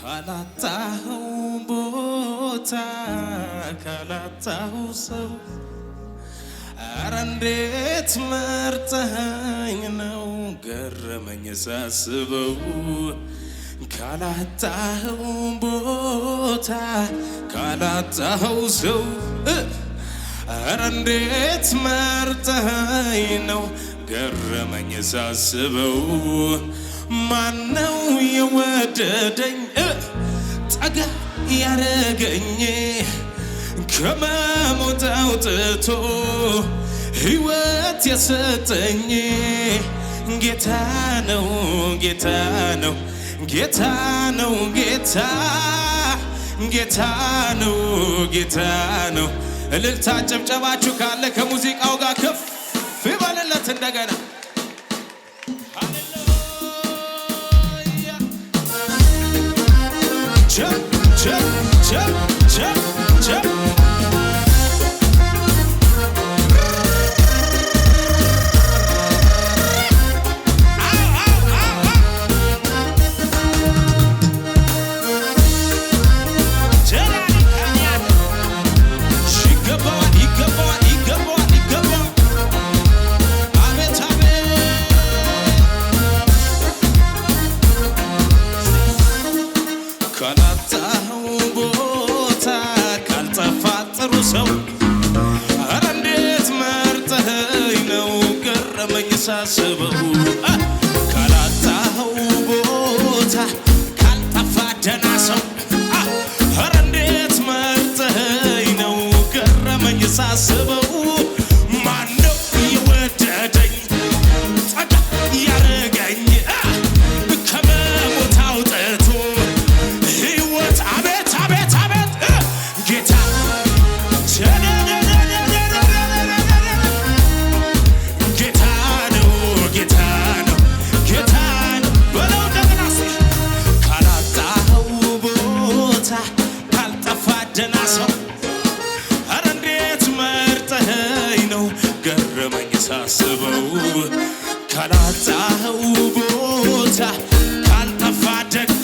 ካላጣኸው ቦታ ካላጣኸው ሰው አረ እንዴት መርጠኸኝ ነው ገረመኝ ሳስበው ካላጣኸው ቦታ ካላጣኸው ሰው ኧረ እንዴት መርጠኸኝ ነው ገረመኝ ሳስበው ማነው የወደደኝ ጠጋ ያረገኝ ከመሞት አውጥቶ ሕይወት የሰጠኝ ጌታ ነው ጌታ ነው ጌታ ነው ጌታ ጌታ ነው ጌታ ነው። እልልታ ጭብጨባችሁ ካለ ከሙዚቃው ጋር ከፍ ይበልለት እንደገና Çık çık çık ሳስበው ካላጣኸው ቦታ ካልጠፋ ደና ሰው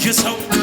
Just hope.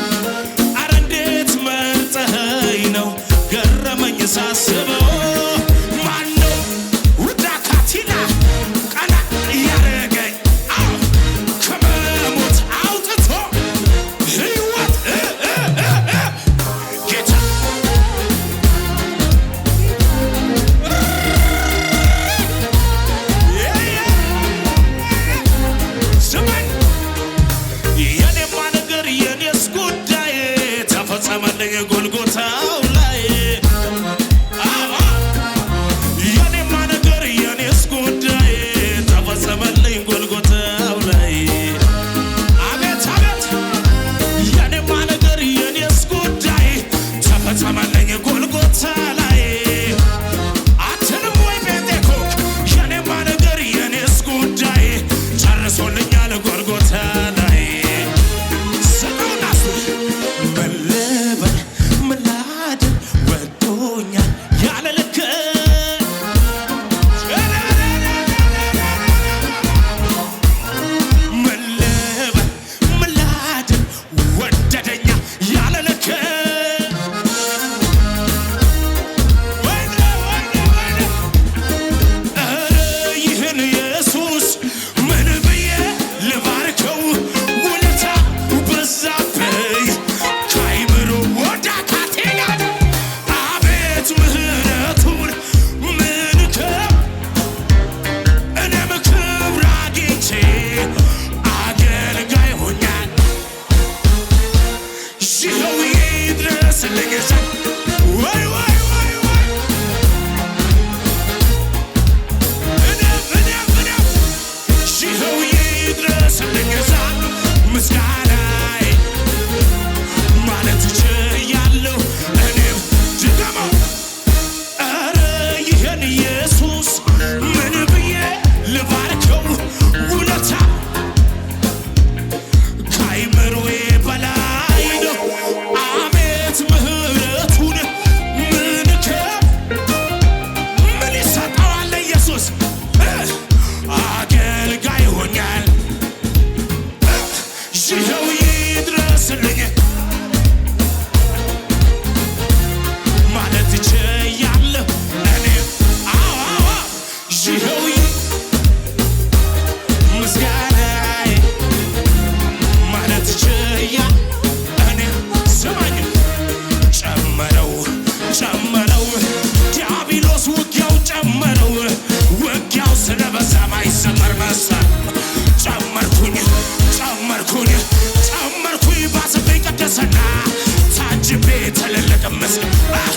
ask.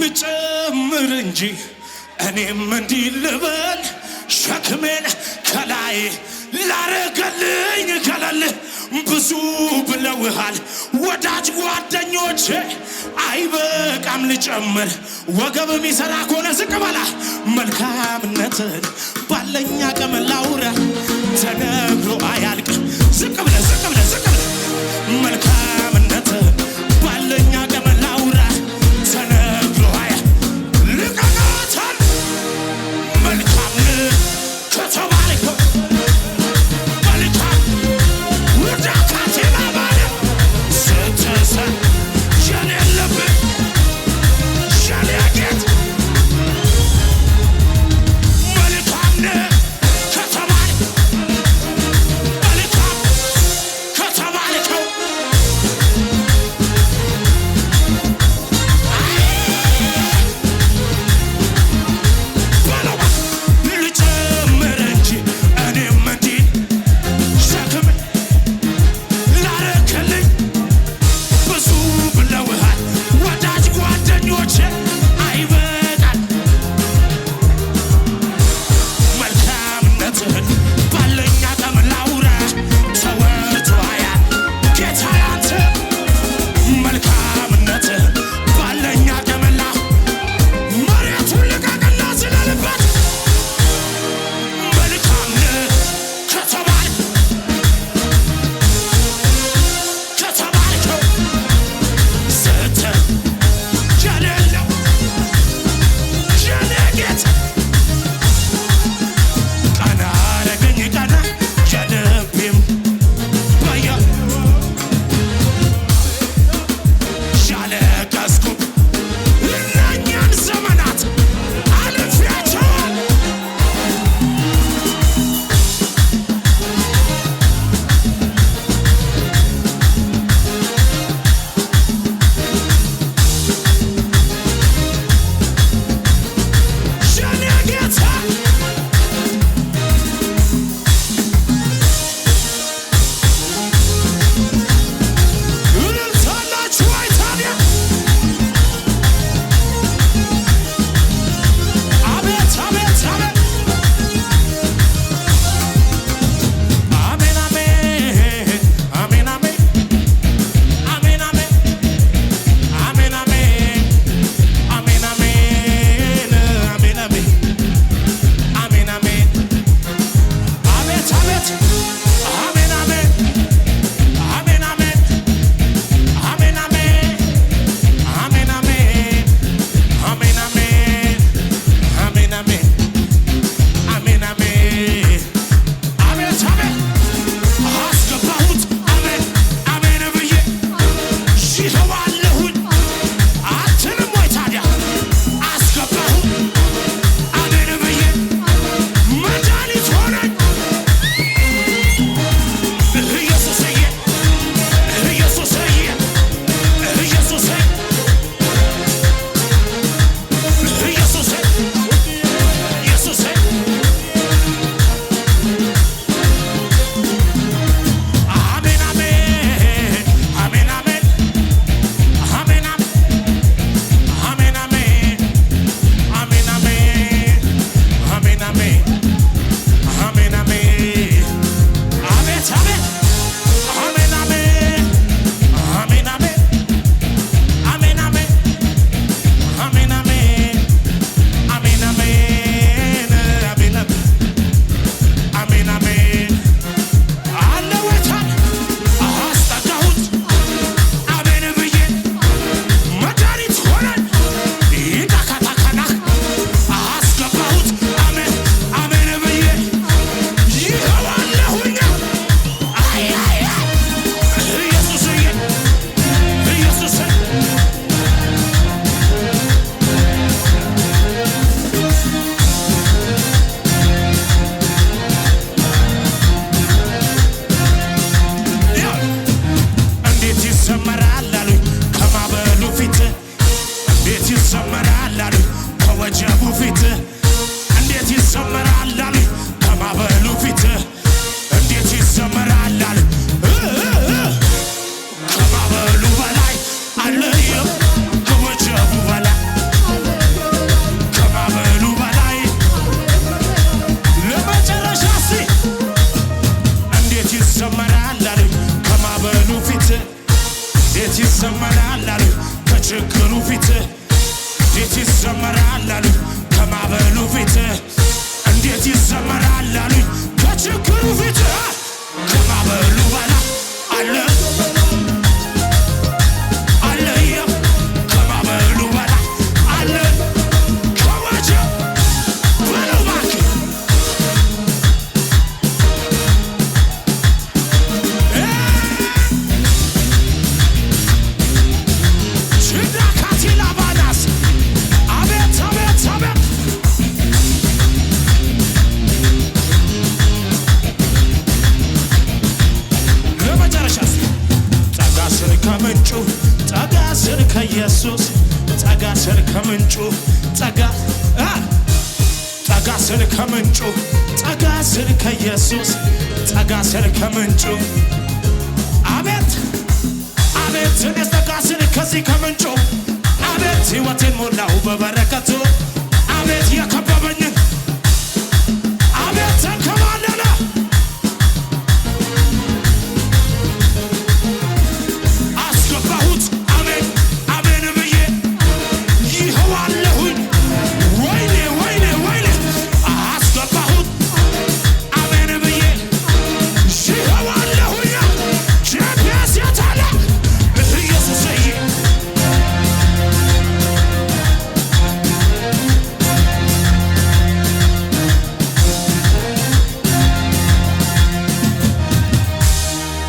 ልጨምር እንጂ እኔም እንዲህ ልበል ሸክሜን ከላይ ላረገልኝ ከለል ብዙ ብለውሃል ወዳጅ ጓደኞች፣ አይበቃም ልጨምር። ወገብ የሚሰራ ከሆነ ዝቅ በላ። መልካምነትን ባለኝ አቅም ላውራ፣ ተነግሮ አያልቅ። ዝቅ ብለ ዝቅ ብለ ዝቅ ብለ መልካም እንዴት ይዘመራል አሉኝ ከማዕበሉ ፊት እንዴት ይዘመራል አሉኝ ከችግሩ ፊት ከማበሉ በላ አለ truth.